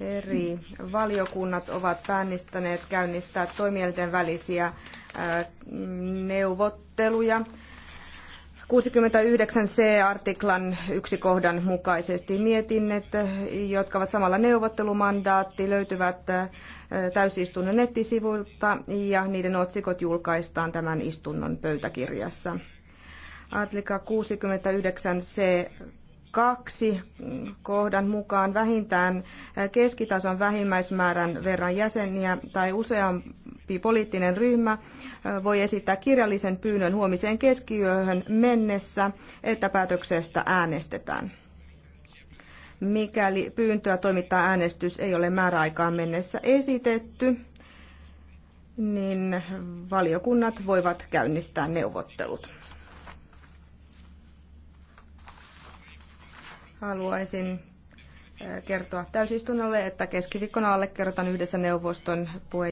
eri valiokunnat ovat päännistäneet käynnistää toimielten välisiä neuvotteluja 69c-artiklan yksi kohdan mukaisesti mietinnät, jotka ovat samalla neuvottelumandaatti, löytyvät täysistunnon nettisivuilta ja niiden otsikot julkaistaan tämän istunnon pöytäkirjassa. Artikla 69c kaksi kohdan mukaan vähintään keskitason vähimmäismäärän verran jäseniä tai useampi poliittinen ryhmä voi esittää kirjallisen pyynnön huomiseen keskiyöhön mennessä, että päätöksestä äänestetään. Mikäli pyyntöä toimittaa äänestys ei ole määräaikaan mennessä esitetty, niin valiokunnat voivat käynnistää neuvottelut. Haluaisin äh, kertoa täysistunnolle, että keskiviikkona allekirjoitan yhdessä neuvoston puheenjohtajan